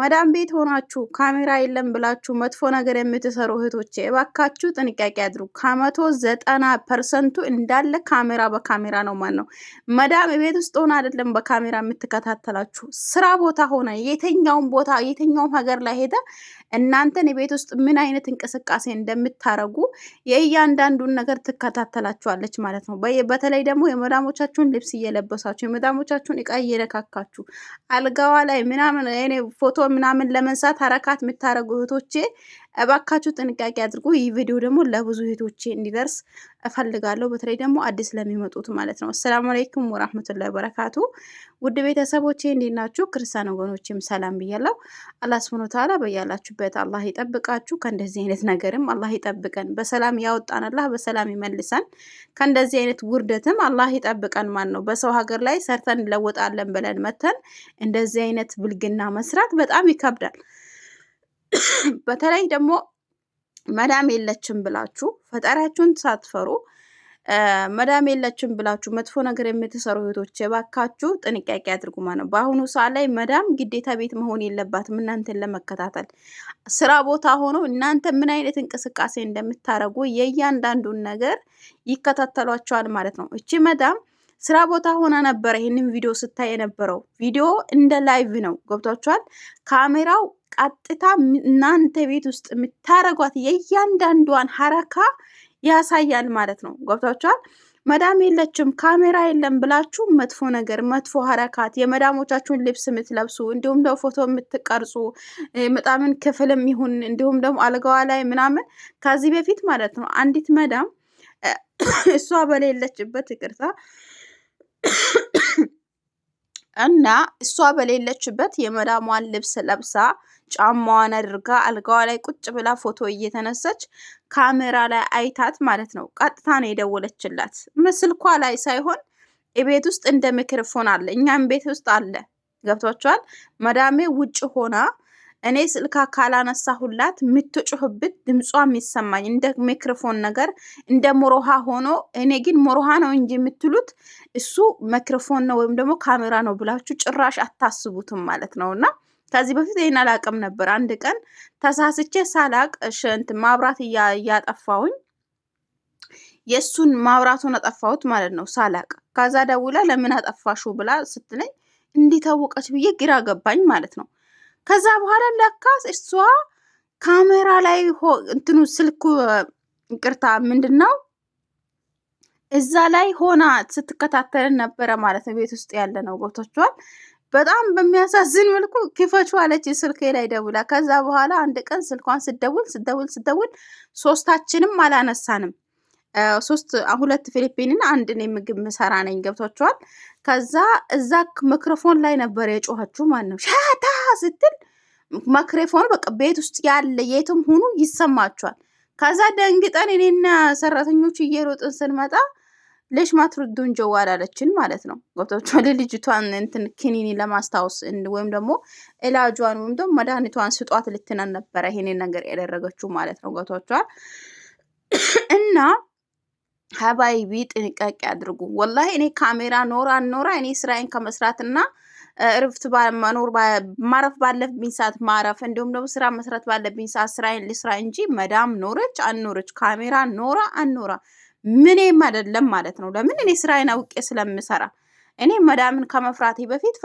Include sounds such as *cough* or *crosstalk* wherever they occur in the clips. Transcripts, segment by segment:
መዳም ቤት ሆናችሁ ካሜራ የለም ብላችሁ መጥፎ ነገር የምትሰሩ እህቶቼ እባካችሁ ጥንቃቄ አድሩ። ከመቶ ዘጠና ፐርሰንቱ እንዳለ ካሜራ በካሜራ ነው ማን ነው። መዳም ቤት ውስጥ ሆነ አይደለም በካሜራ የምትከታተላችሁ ስራ ቦታ ሆነ የትኛውም ቦታ የትኛውም ሀገር ላይ ሄደ እናንተን የቤት ውስጥ ምን አይነት እንቅስቃሴ እንደምታረጉ የእያንዳንዱን ነገር ትከታተላችኋለች ማለት ነው። በተለይ ደግሞ የመዳሞቻችሁን ልብስ እየለበሳችሁ የመዳሞቻችሁን እቃ እየለካካችሁ አልጋዋ ላይ ምናምን ፎቶ ምናምን ለመንሳት ሀረካት የምታደረጉ እህቶቼ እባካችሁ ጥንቃቄ አድርጉ። ይህ ቪዲዮ ደግሞ ለብዙ እህቶቼ እንዲደርስ እፈልጋለሁ። በተለይ ደግሞ አዲስ ለሚመጡት ማለት ነው። አሰላሙ አለይኩም ወራህመቱላሂ ወበረካቱ። ውድ ቤተሰቦቼ እንዴት ናችሁ? ክርስቲያን ወገኖቼም ሰላም ብያለሁ። አላህ ሱብሐነሁ ወተዓላ በያላችሁበት አላህ ይጠብቃችሁ። ከእንደዚህ አይነት ነገርም አላህ ይጠብቀን። በሰላም ያወጣን አላህ በሰላም ይመልሰን። ከእንደዚህ አይነት ውርደትም አላህ ይጠብቀን። ማን ነው በሰው ሀገር ላይ ሰርተን እንለወጣለን ብለን መተን እንደዚህ አይነት ብልግና መስራት በጣም ይከብዳል። *coughs* በተለይ ደግሞ መዳም የለችም ብላችሁ ፈጣሪያችሁን ሳትፈሩ መዳም የለችም ብላችሁ መጥፎ ነገር የምትሰሩ እህቶች የባካችሁ ጥንቃቄ አድርጉ ማለት ነው። በአሁኑ ሰዓት ላይ መዳም ግዴታ ቤት መሆን የለባትም። እናንተን ለመከታተል ስራ ቦታ ሆኖ እናንተ ምን አይነት እንቅስቃሴ እንደምታደርጉ የእያንዳንዱን ነገር ይከታተሏቸዋል ማለት ነው። እቺ መዳም ስራ ቦታ ሆና ነበረ ይህንን ቪዲዮ ስታይ የነበረው ቪዲዮ እንደ ላይቭ ነው። ገብቷችኋል ካሜራው ቀጥታ እናንተ ቤት ውስጥ የምታረጓት የእያንዳንዷን ሀረካ ያሳያል ማለት ነው። ገብቷችኋል? መዳም የለችም ካሜራ የለም ብላችሁ መጥፎ ነገር መጥፎ ሀረካት የመዳሞቻችሁን ልብስ የምትለብሱ እንዲሁም ደግሞ ፎቶ የምትቀርጹ መጣምን ክፍልም ይሁን እንዲሁም ደግሞ አልጋዋ ላይ ምናምን ከዚህ በፊት ማለት ነው አንዲት መዳም እሷ በሌለችበት ይቅርታ እና እሷ በሌለችበት የመዳሟን ልብስ ለብሳ ጫማዋን አድርጋ አልጋዋ ላይ ቁጭ ብላ ፎቶ እየተነሳች ካሜራ ላይ አይታት ማለት ነው። ቀጥታ ነው የደወለችላት። ምስልኳ ላይ ሳይሆን ቤት ውስጥ እንደ ሚክሮፎን አለ፣ እኛም ቤት ውስጥ አለ። ገብቷችኋል? መዳሜ ውጭ ሆና እኔ ስልካ ካላነሳሁላት የምትጮህብት ድምጿ የሚሰማኝ እንደ ማይክሮፎን ነገር እንደ ሞሮሃ ሆኖ፣ እኔ ግን ሞሮሃ ነው እንጂ የምትሉት እሱ ማይክሮፎን ነው ወይም ደግሞ ካሜራ ነው ብላችሁ ጭራሽ አታስቡትም ማለት ነው። እና ከዚህ በፊት ይህን አላቅም ነበር። አንድ ቀን ተሳስቼ ሳላቅ ሽንት ማብራት እያጠፋውኝ የእሱን ማብራቱን አጠፋሁት ማለት ነው ሳላቅ። ከዛ ደውላ ለምን አጠፋሹ ብላ ስትለኝ እንዲታወቀች ብዬ ግራ ገባኝ ማለት ነው። ከዛ በኋላ ለካስ እሷ ካሜራ ላይ እንትኑ ስልኩ ይቅርታ፣ ምንድን ነው እዛ ላይ ሆና ስትከታተልን ነበረ ማለት ነው። ቤት ውስጥ ያለ ነው ገብቷችኋል። በጣም በሚያሳዝን መልኩ ክፈቹ አለች ስልኬ ላይ ደውላ። ከዛ በኋላ አንድ ቀን ስልኳን ስደውል ስደውል ስደውል ሶስታችንም አላነሳንም። ሶስት ሁለት ፊሊፒንን አንድን የምግብ ምሰራ ነኝ ገብቷቸዋል። ከዛ እዛ ማይክሮፎን ላይ ነበር የጮኸችው። ማን ነው ሻታ ስትል ማይክሮፎኑ በቃ ቤት ውስጥ ያለ የትም ሁኑ ይሰማቸዋል። ከዛ ደንግጠን እኔና ሰራተኞቹ እየሮጥን ስንመጣ ለሽ ማትሩዱን ጀዋር አለችን ማለት ነው ገብቷቸዋል። ልጅቷን እንትን ክኒኒ ለማስታወስ ወይም ደግሞ እላጇን ወይም ደግሞ መድኃኒቷን ስጧት ልትነን ነበረ ይሄንን ነገር ያደረገችው ማለት ነው ገብቷቸዋል እና ሀባይቢ ጥንቃቄ አድርጉ። ወላሂ እኔ ካሜራ ኖራ ኖራ እኔ ስራዬን ከመስራትና እርፍት መኖር ማረፍ ባለብኝ ሰዓት ማረፍ፣ እንዲሁም ደግሞ ስራ መስራት ባለብኝ ሰዓት ስራዬን ልስራ እንጂ መዳም ኖረች አኖረች ካሜራ ኖራ አኖራ ምንም አይደለም ማለት ነው። ለምን እኔ ስራዬን አውቄ ስለምሰራ እኔ መዳምን ከመፍራቴ በፊት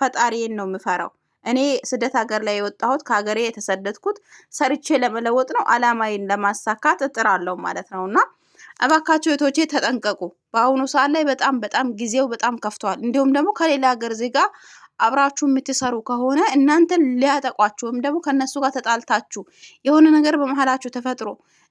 ፈጣሪን ነው የምፈራው። እኔ ስደት ሀገር ላይ የወጣሁት ከሀገሬ የተሰደድኩት ሰርቼ ለመለወጥ ነው። አላማዬን ለማሳካት እጥራለሁ ማለት ነው እና እባካቸው እህቶቼ ተጠንቀቁ። በአሁኑ ሰዓት ላይ በጣም በጣም ጊዜው በጣም ከፍቷል። እንዲሁም ደግሞ ከሌላ ሀገር ዜጋ አብራችሁ የምትሰሩ ከሆነ እናንተን ሊያጠቋችሁ ወይም ደግሞ ከእነሱ ጋር ተጣልታችሁ የሆነ ነገር በመሀላችሁ ተፈጥሮ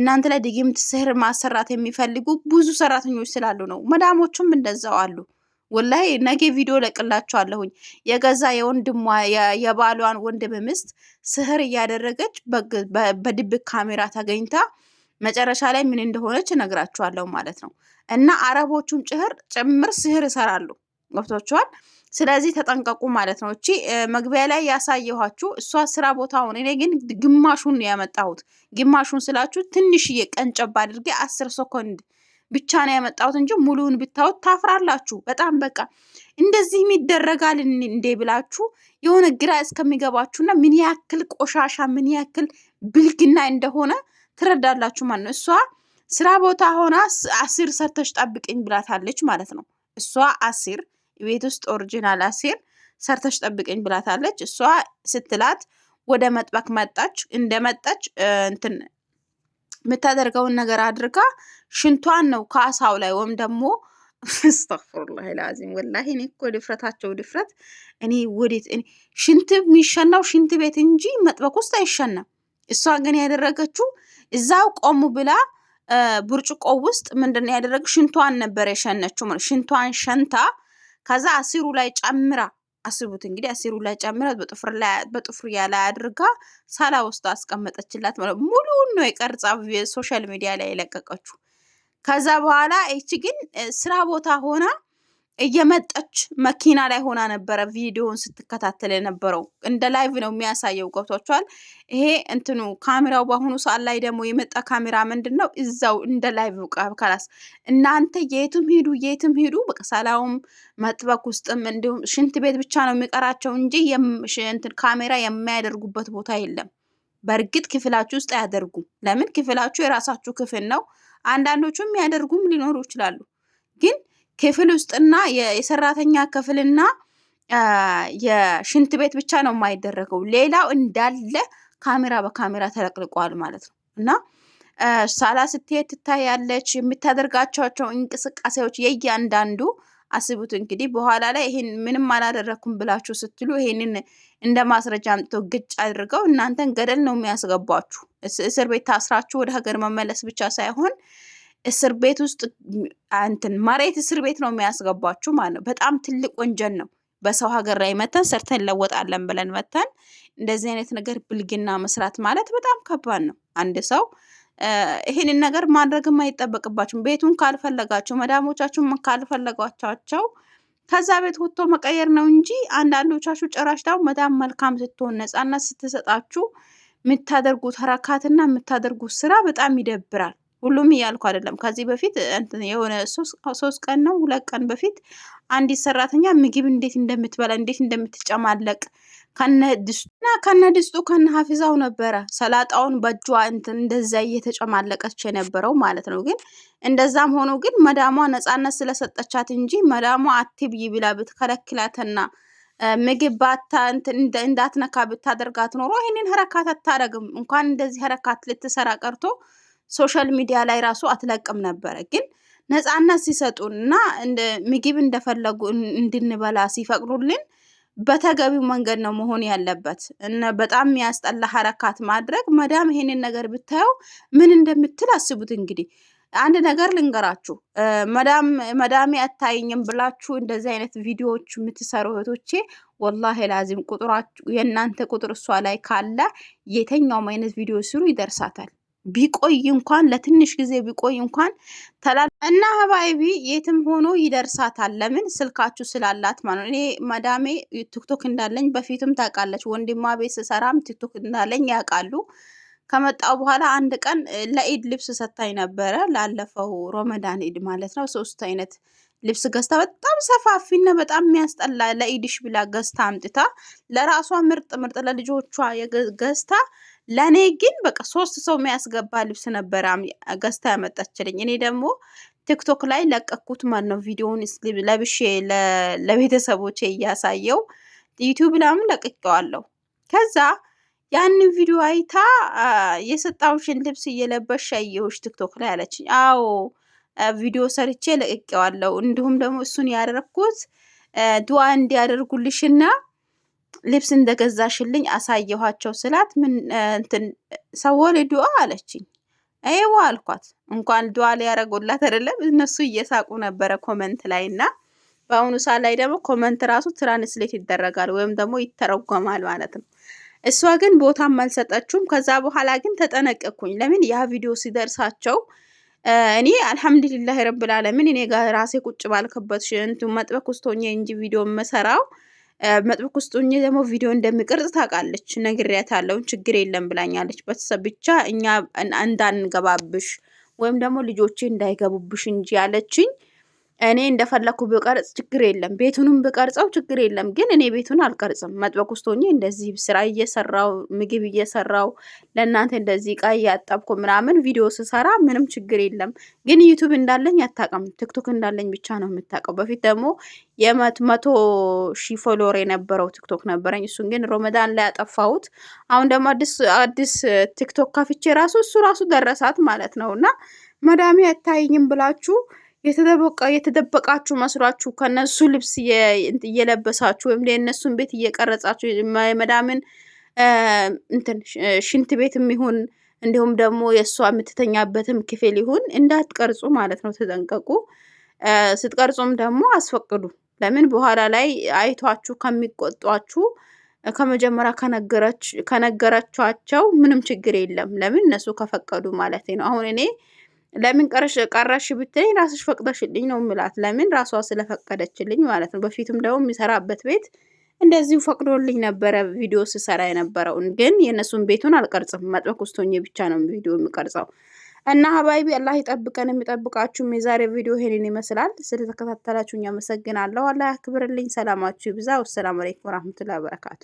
እናንተ ላይ ድግምት፣ ስህር ማሰራት የሚፈልጉ ብዙ ሰራተኞች ስላሉ ነው። መዳሞቹም እንደዛው አሉ። ወላይ ነገ ቪዲዮ ለቅላችኋለሁኝ። የገዛ የወንድሟ የባሏን ወንድም ምስት ስህር እያደረገች በድብቅ ካሜራ ተገኝታ መጨረሻ ላይ ምን እንደሆነች እነግራችኋለሁ ማለት ነው። እና አረቦቹም ጭህር ጭምር ስህር ይሰራሉ። ገብቷችኋል? ስለዚህ ተጠንቀቁ ማለት ነው። እቺ መግቢያ ላይ ያሳየኋችሁ እሷ ስራ ቦታውን፣ እኔ ግን ግማሹን ያመጣሁት ግማሹን ስላችሁ ትንሽዬ ቀንጨባ አድርጌ አስር ሰኮንድ ብቻ ነው ያመጣሁት እንጂ ሙሉውን ብታዩት ታፍራላችሁ። በጣም በቃ እንደዚህም ይደረጋል እንዴ ብላችሁ የሆነ ግራ እስከሚገባችሁና ምን ያክል ቆሻሻ ምን ያክል ብልግና እንደሆነ ትረዳላችሁ ማለት ነው። እሷ ስራ ቦታ ሆና አሲር ሰርተሽ ጠብቅኝ ብላታለች ማለት ነው። እሷ አሲር ቤት ውስጥ ኦሪጂናል አሲር ሰርተሽ ጠብቅኝ ብላታለች። እሷ ስትላት ወደ መጥበቅ መጣች። እንደመጣች እንትን የምታደርገውን ነገር አድርጋ ሽንቷን ነው ከአሳው ላይ ወይም ደግሞ *laughs* አስተግፍሩላህ ላዚም ወላሂ፣ እኔ እኮ ድፍረታቸው ድፍረት እኔ ወዴት ሽንት የሚሸናው ሽንት ቤት እንጂ መጥበቅ ውስጥ አይሸናም። እሷ ግን ያደረገችው እዛው ቆሙ ብላ ብርጭቆ ውስጥ ምንድን ነው ያደረገችው? ሽንቷን ነበር የሸነችው። ማለት ሽንቷን ሸንታ ከዛ አሲሩ ላይ ጨምራ አስቡት እንግዲህ አሲሩ ላይ ጨምራ በጥፍር ላይ አድርጋ ሳላ ውስጥ አስቀመጠችላት። ማለት ሙሉውን ነው የቀርጻ ሶሻል ሚዲያ ላይ የለቀቀችው። ከዛ በኋላ ይቺ ግን ስራ ቦታ ሆና እየመጠች መኪና ላይ ሆና ነበረ ቪዲዮውን ስትከታተል የነበረው። እንደ ላይቭ ነው የሚያሳየው። ገብቷችኋል? ይሄ እንትኑ ካሜራው በአሁኑ ሰዓት ላይ ደግሞ የመጣ ካሜራ ምንድን ነው እዛው እንደ ላይቭ ከላስ እናንተ የትም ሂዱ፣ የትም ሂዱ። በቃ ሰላውም መጥበቅ ውስጥም እንዲሁም ሽንት ቤት ብቻ ነው የሚቀራቸው እንጂ ካሜራ የማያደርጉበት ቦታ የለም። በእርግጥ ክፍላችሁ ውስጥ አያደርጉም። ለምን? ክፍላችሁ የራሳችሁ ክፍል ነው። አንዳንዶቹም ያደርጉም ሊኖሩ ይችላሉ ግን ክፍል ውስጥና የሰራተኛ ክፍልና የሽንት ቤት ብቻ ነው የማይደረገው። ሌላው እንዳለ ካሜራ በካሜራ ተለቅልቋል ማለት ነው እና ሳላ ስትሄድ ትታያለች። የምታደርጋቸቸው እንቅስቃሴዎች የእያንዳንዱ አስቡት እንግዲህ። በኋላ ላይ ይህን ምንም አላደረግኩም ብላችሁ ስትሉ ይሄንን እንደ ማስረጃ አምጥቶ ግጭ አድርገው እናንተን ገደል ነው የሚያስገቧችሁ። እስር ቤት ታስራችሁ ወደ ሀገር መመለስ ብቻ ሳይሆን እስር ቤት ውስጥ እንትን መሬት እስር ቤት ነው የሚያስገባችሁ ማለት ነው። በጣም ትልቅ ወንጀል ነው። በሰው ሀገር ላይ መተን ሰርተን ለወጣለን ብለን መተን እንደዚህ አይነት ነገር ብልግና መስራት ማለት በጣም ከባድ ነው። አንድ ሰው ይህንን ነገር ማድረግም አይጠበቅባችሁም። ቤቱን ካልፈለጋቸው መዳሞቻችሁን ካልፈለጓቸው ከዛ ቤት ወጥቶ መቀየር ነው እንጂ አንዳንዶቻችሁ ጭራሽ ዳው መዳም መልካም ስትሆን ነፃነት ስትሰጣችሁ የምታደርጉት ሀረካትና የምታደርጉት ስራ በጣም ይደብራል። ሁሉም እያልኩ አይደለም። ከዚህ በፊት የሆነ ሶስት ቀን ነው ሁለት ቀን በፊት አንዲት ሰራተኛ ምግብ እንዴት እንደምትበላ እንዴት እንደምትጨማለቅ ከነ ድስቱና ከነ ድስቱ ከነ ሀፊዛው ነበረ ሰላጣውን በእጇ እንደዛ እየተጨማለቀች የነበረው ማለት ነው። ግን እንደዛም ሆኖ ግን መዳሟ ነፃነት ስለሰጠቻት እንጂ መዳሟ አትብይ ብላ ብትከለክላትና ምግብ ባታ እንዳትነካ ብታደርጋት ኖሮ ይህንን ሀረካት አታደርግም። እንኳን እንደዚህ ሀረካት ልትሰራ ቀርቶ ሶሻል ሚዲያ ላይ ራሱ አትለቅም ነበረ። ግን ነፃነት ሲሰጡን እና ምግብ እንደፈለጉ እንድንበላ ሲፈቅዱልን በተገቢው መንገድ ነው መሆን ያለበት። እና በጣም የሚያስጠላ ሀረካት ማድረግ መዳም ይሄንን ነገር ብታየው ምን እንደምትል አስቡት። እንግዲህ አንድ ነገር ልንገራችሁ፣ መዳም መዳም አታይኝም ብላችሁ እንደዚህ አይነት ቪዲዮዎች የምትሰሩ እህቶቼ ወላሂ ላዚም ቁጥራችሁ የእናንተ ቁጥር እሷ ላይ ካለ የተኛውም አይነት ቪዲዮ ስሩ ይደርሳታል። ቢቆይ እንኳን ለትንሽ ጊዜ ቢቆይ እንኳን ተላ እና ሀባይቢ የትም ሆኖ ይደርሳታል። ለምን ስልካችሁ ስላላት ማለት እኔ መዳሜ ቲክቶክ እንዳለኝ በፊትም ታውቃለች። ወንድማ ቤት ስሰራም ቲክቶክ እንዳለኝ ያውቃሉ። ከመጣው በኋላ አንድ ቀን ለኢድ ልብስ ሰታኝ ነበረ። ላለፈው ሮመዳን ኢድ ማለት ነው። ሶስት አይነት ልብስ ገዝታ በጣም ሰፋፊና በጣም የሚያስጠላ ለኢድሽ ብላ ገዝታ አምጥታ ለራሷ ምርጥ ምርጥ ለልጆቿ ገዝታ ለእኔ ግን በቃ ሶስት ሰው የሚያስገባ ልብስ ነበረ ገዝታ ያመጣችልኝ። እኔ ደግሞ ቲክቶክ ላይ ለቀኩት ማለት ነው ቪዲዮውን ለብሼ ለቤተሰቦቼ እያሳየው ዩቲዩብ ላይም ለቅቄዋለሁ። ከዛ ያንን ቪዲዮ አይታ የሰጣሁሽን ልብስ እየለበሽ አየሁሽ ቲክቶክ ላይ አለችኝ። አዎ ቪዲዮ ሰርቼ ለቅቄዋለሁ። እንዲሁም ደግሞ እሱን ያደረግኩት ድዋ እንዲያደርጉልሽና ልብስ እንደገዛሽልኝ አሳየኋቸው ስላት ምን እንትን ሰወል ዱአ አለችኝ። ይዋ አልኳት። እንኳን ዱአ ሊያደረጉላት አይደለም እነሱ እየሳቁ ነበረ ኮመንት ላይ እና በአሁኑ ሰዓት ላይ ደግሞ ኮመንት ራሱ ትራንስሌት ይደረጋል ወይም ደግሞ ይተረጎማል ማለት ነው። እሷ ግን ቦታም አልሰጠችውም። ከዛ በኋላ ግን ተጠነቀቅኩኝ። ለምን ያ ቪዲዮ ሲደርሳቸው እኔ አልሐምዱሊላህ ረብል ዓለሚን እኔ ጋር ራሴ ቁጭ ባልከበት ሽንቱ መጥበቅ ውስጥ ሆኜ እንጂ ቪዲዮ መሰራው መጥበቅ ውስጥ ሁኜ ደግሞ ቪዲዮ እንደምቀርጽ ታውቃለች፣ ነግሬያታለሁ። ችግር የለም ብላኛለች። በተሰብ ብቻ እኛ እንዳንገባብሽ ወይም ደግሞ ልጆቼ እንዳይገቡብሽ እንጂ ያለችኝ እኔ እንደፈለኩ ብቀርጽ ችግር የለም። ቤቱንም ብቀርጸው ችግር የለም። ግን እኔ ቤቱን አልቀርጽም። መጥበቅ ውስጥ ሆኜ እንደዚህ ስራ እየሰራው ምግብ እየሰራው ለእናንተ እንደዚህ እቃ እያጠብኩ ምናምን ቪዲዮ ስሰራ ምንም ችግር የለም። ግን ዩቱብ እንዳለኝ አታውቅም። ቲክቶክ እንዳለኝ ብቻ ነው የምታውቀው። በፊት ደግሞ የመቶ ሺህ ፎሎወር የነበረው ቲክቶክ ነበረኝ። እሱን ግን ሮመዳን ላይ አጠፋሁት። አሁን ደግሞ አዲስ አዲስ ቲክቶክ ከፍቼ ራሱ እሱ ራሱ ደረሳት ማለት ነው እና መዳሜ አታይኝም ብላችሁ የተደበቃችሁ መስሏችሁ ከነሱ ልብስ እየለበሳችሁ ወይም የእነሱን ቤት እየቀረጻችሁ መዳምን እንትን ሽንት ቤትም ይሁን እንዲሁም ደግሞ የእሷ የምትተኛበትም ክፍል ይሁን እንዳትቀርጹ ማለት ነው። ተጠንቀቁ። ስትቀርጹም ደግሞ አስፈቅዱ። ለምን በኋላ ላይ አይቷችሁ ከሚቆጧችሁ ከመጀመሪያ ከነገረቻቸው ምንም ችግር የለም። ለምን እነሱ ከፈቀዱ ማለት ነው። አሁን እኔ ለምን ቀረሽ ቀረሽ ብትለኝ ራስሽ ፈቅደሽልኝ ነው ምላት። ለምን ራሷ ስለፈቀደችልኝ ማለት ነው። በፊትም ደግሞ የሚሰራበት ቤት እንደዚሁ ፈቅዶልኝ ነበረ ቪዲዮ ስሰራ የነበረውን። ግን የእነሱን ቤቱን አልቀርጽም፣ መጥበቅ ውስቶኝ ብቻ ነው ቪዲዮ የሚቀርጸው። እና ሀባይቢ አላህ ይጠብቀን፣ የሚጠብቃችሁም። የዛሬ ቪዲዮ ይሄንን ይመስላል። ስለተከታተላችሁኝ አመሰግናለሁ። አላህ ያክብርልኝ፣ ሰላማችሁ ይብዛ። ወሰላም አለይኩም ወራህመቱላሂ ወበረካቱ።